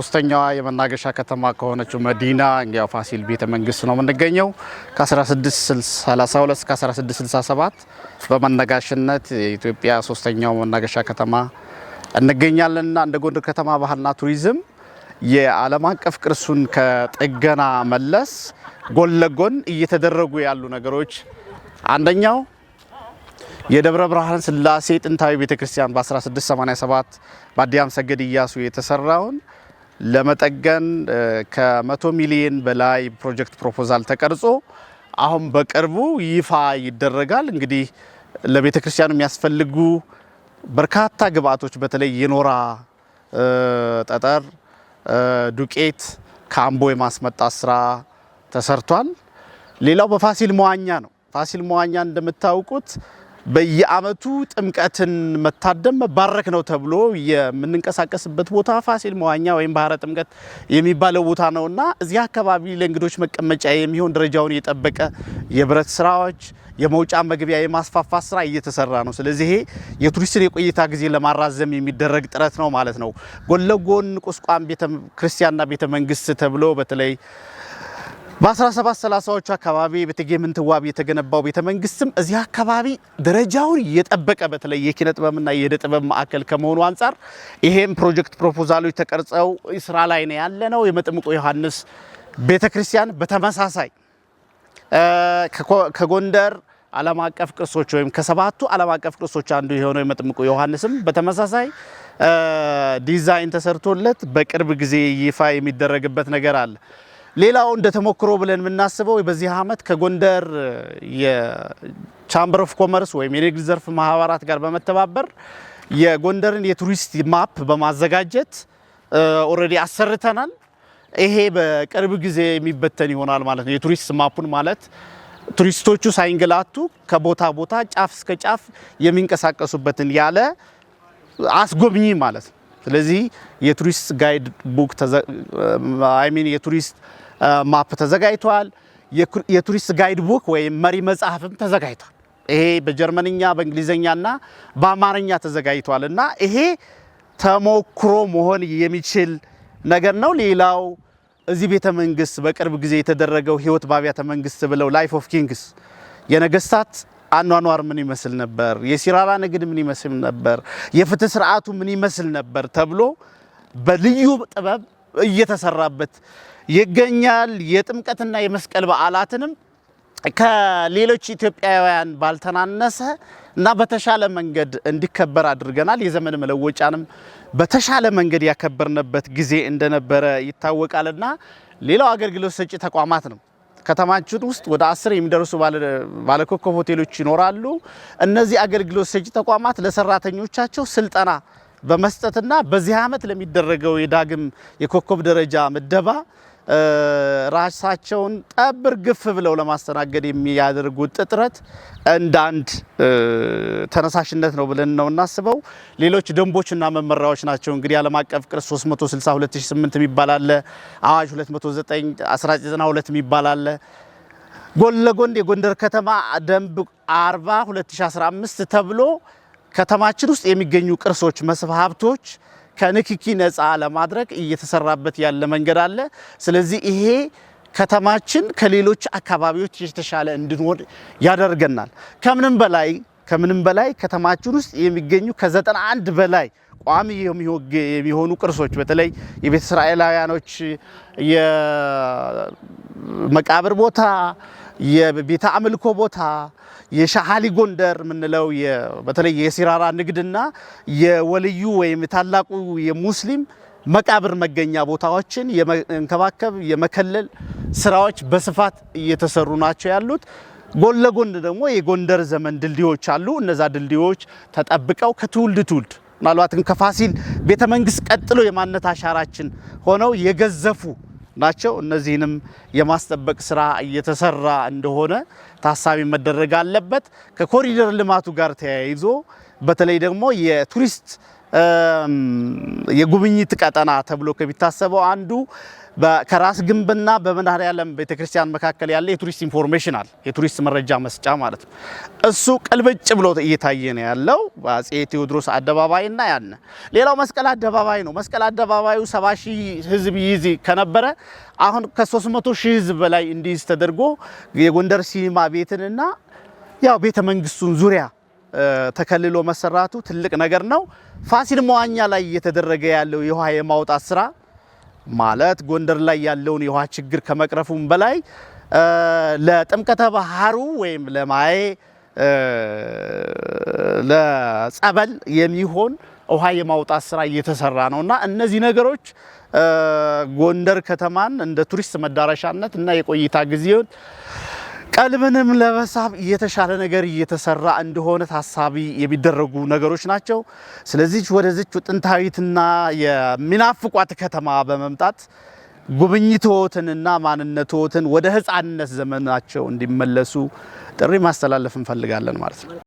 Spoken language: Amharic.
ሶስተኛዋ የመናገሻ ከተማ ከሆነችው መዲና እንግያው ፋሲል ቤተ መንግስት ነው የምንገኘው። ከ1632 እስከ 1667 በመነጋሽነት የኢትዮጵያ ሶስተኛው መናገሻ ከተማ እንገኛለንና እንደ ጎንደር ከተማ ባህልና ቱሪዝም የዓለም አቀፍ ቅርሱን ከጥገና መለስ ጎን ለጎን እየተደረጉ ያሉ ነገሮች አንደኛው የደብረ ብርሃን ስላሴ ጥንታዊ ቤተክርስቲያን በ1687 በአዲያም ሰገድ እያሱ የተሰራውን ለመጠገን ከመቶ ሚሊዮን በላይ ፕሮጀክት ፕሮፖዛል ተቀርጾ አሁን በቅርቡ ይፋ ይደረጋል። እንግዲህ ለቤተ ክርስቲያኑ የሚያስፈልጉ በርካታ ግብአቶች በተለይ የኖራ ጠጠር፣ ዱቄት ከአምቦ የማስመጣት ስራ ተሰርቷል። ሌላው በፋሲል መዋኛ ነው። ፋሲል መዋኛ እንደምታውቁት በየአመቱ ጥምቀትን መታደም መባረክ ነው ተብሎ የምንንቀሳቀስበት ቦታ ፋሲል መዋኛ ወይም ባህረ ጥምቀት የሚባለው ቦታ ነው እና እዚህ አካባቢ ለእንግዶች መቀመጫ የሚሆን ደረጃውን የጠበቀ የብረት ስራዎች፣ የመውጫ መግቢያ የማስፋፋት ስራ እየተሰራ ነው። ስለዚህ ይሄ የቱሪስትን የቆይታ ጊዜ ለማራዘም የሚደረግ ጥረት ነው ማለት ነው። ጎን ለጎን ቁስቋም ቤተክርስቲያንና ቤተመንግስት ተብሎ በተለይ በ1730ዎቹ አካባቢ በእቴጌ ምንትዋብ የተገነባው ቤተ መንግስትም እዚህ አካባቢ ደረጃውን እየጠበቀ በተለይ የኪነ ጥበብና የእደ ጥበብ ማዕከል ከመሆኑ አንጻር ይሄም ፕሮጀክት ፕሮፖዛሎች ተቀርጸው ስራ ላይ ነው ያለ ነው። የመጥምቁ ዮሐንስ ቤተ ክርስቲያን በተመሳሳይ ከጎንደር ዓለም አቀፍ ቅርሶች ወይም ከሰባቱ ዓለም አቀፍ ቅርሶች አንዱ የሆነው የመጥምቁ ዮሐንስም በተመሳሳይ ዲዛይን ተሰርቶለት በቅርብ ጊዜ ይፋ የሚደረግበት ነገር አለ። ሌላው እንደ ተሞክሮ ብለን የምናስበው በዚህ ዓመት ከጎንደር የቻምበር ኦፍ ኮመርስ ወይም የንግድ ዘርፍ ማህበራት ጋር በመተባበር የጎንደርን የቱሪስት ማፕ በማዘጋጀት ኦልሬዲ አሰርተናል። ይሄ በቅርብ ጊዜ የሚበተን ይሆናል ማለት ነው። የቱሪስት ማፑን ማለት ቱሪስቶቹ ሳይንግላቱ ከቦታ ቦታ ጫፍ እስከ ጫፍ የሚንቀሳቀሱበትን ያለ አስጎብኚ ማለት ነው። ስለዚህ የቱሪስት ጋይድ ቡክ አይሚን የቱሪስት ማፕ ተዘጋጅቷል። የቱሪስት ጋይድ ቡክ ወይም መሪ መጽሐፍም ተዘጋጅቷል። ይሄ በጀርመንኛ በእንግሊዝኛና በአማርኛ ተዘጋጅቷል እና ይሄ ተሞክሮ መሆን የሚችል ነገር ነው። ሌላው እዚህ ቤተ መንግስት በቅርብ ጊዜ የተደረገው ህይወት በአብያተ መንግስት ብለው ላይፍ ኦፍ ኪንግስ የነገስታት አኗኗር ምን ይመስል ነበር፣ የሲራራ ንግድ ምን ይመስል ነበር፣ የፍትህ ስርዓቱ ምን ይመስል ነበር ተብሎ በልዩ ጥበብ እየተሰራበት ይገኛል። የጥምቀትና የመስቀል በዓላትንም ከሌሎች ኢትዮጵያውያን ባልተናነሰ እና በተሻለ መንገድ እንዲከበር አድርገናል። የዘመን መለወጫንም በተሻለ መንገድ ያከበርንበት ጊዜ እንደነበረ ይታወቃልና ሌላው አገልግሎት ሰጪ ተቋማት ነው ከተማችን ውስጥ ወደ አስር የሚደርሱ ባለኮከብ ሆቴሎች ይኖራሉ። እነዚህ አገልግሎት ሰጪ ተቋማት ለሰራተኞቻቸው ስልጠና በመስጠትና በዚህ ዓመት ለሚደረገው የዳግም የኮከብ ደረጃ ምደባ ራሳቸውን ጠብር ግፍ ብለው ለማስተናገድ የሚያደርጉት ጥጥረት እንደ አንድ ተነሳሽነት ነው ብለን ነው እናስበው። ሌሎች ደንቦችና መመሪያዎች ናቸው እንግዲህ ዓለም አቀፍ ቅርስ 362008 የሚባል አለ። አዋጅ 209 1992 የሚባል አለ። ጎን ለጎን የጎንደር ከተማ ደንብ 40 2015 ተብሎ ከተማችን ውስጥ የሚገኙ ቅርሶች መስህብ ሀብቶች ከንክኪ ነፃ ለማድረግ እየተሰራበት ያለ መንገድ አለ። ስለዚህ ይሄ ከተማችን ከሌሎች አካባቢዎች የተሻለ እንድንሆን ያደርገናል። ከምንም በላይ ከምንም በላይ ከተማችን ውስጥ የሚገኙ ከዘጠና አንድ በላይ ቋሚ የሚሆኑ ቅርሶች በተለይ የቤተ እስራኤላውያኖች የመቃብር ቦታ የቤተ አምልኮ ቦታ የሻሃሊ ጎንደር የምንለው በተለይ የሲራራ ንግድና የወልዩ ወይም ታላቁ የሙስሊም መቃብር መገኛ ቦታዎችን የመንከባከብ የመከለል ስራዎች በስፋት እየተሰሩ ናቸው ያሉት። ጎን ለጎን ደግሞ የጎንደር ዘመን ድልድዮች አሉ። እነዛ ድልድዮች ተጠብቀው ከትውልድ ትውልድ ምናልባትም ከፋሲል ቤተ መንግስት ቀጥሎ የማንነት አሻራችን ሆነው የገዘፉ ናቸው። እነዚህንም የማስጠበቅ ስራ እየተሰራ እንደሆነ ታሳቢ መደረግ አለበት። ከኮሪደር ልማቱ ጋር ተያይዞ በተለይ ደግሞ የቱሪስት የጉብኝት ቀጠና ተብሎ ከሚታሰበው አንዱ ከራስ ግንብና በመድኃኔዓለም ቤተክርስቲያን መካከል ያለ የቱሪስት ኢንፎርሜሽናል የቱሪስት መረጃ መስጫ ማለት ነው። እሱ ቅልብጭ ብሎ እየታየ ነው ያለው በአጼ ቴዎድሮስ አደባባይና ያነ ሌላው መስቀል አደባባይ ነው። መስቀል አደባባዩ ሰባ ሺህ ህዝብ ይይዝ ከነበረ አሁን ከ300 ሺህ ህዝብ በላይ እንዲይዝ ተደርጎ የጎንደር ሲኒማ ቤትንና ያው ቤተ መንግስቱን ዙሪያ ተከልሎ መሰራቱ ትልቅ ነገር ነው። ፋሲል መዋኛ ላይ እየተደረገ ያለው የውሃ የማውጣት ስራ ማለት ጎንደር ላይ ያለውን የውሃ ችግር ከመቅረፉም በላይ ለጥምቀተ ባህሩ ወይም ለማዬ ለጸበል የሚሆን ውሃ የማውጣት ስራ እየተሰራ ነው እና እነዚህ ነገሮች ጎንደር ከተማን እንደ ቱሪስት መዳረሻነት እና የቆይታ ጊዜውን ቀልብንም ለመሳብ የተሻለ ነገር እየተሰራ እንደሆነ ታሳቢ የሚደረጉ ነገሮች ናቸው። ስለዚህ ወደዚች ጥንታዊትና የሚናፍቋት ከተማ በመምጣት ጉብኝትዎትንና ማንነቶትን ወደ ሕፃንነት ዘመናቸው እንዲመለሱ ጥሪ ማስተላለፍ እንፈልጋለን ማለት ነው።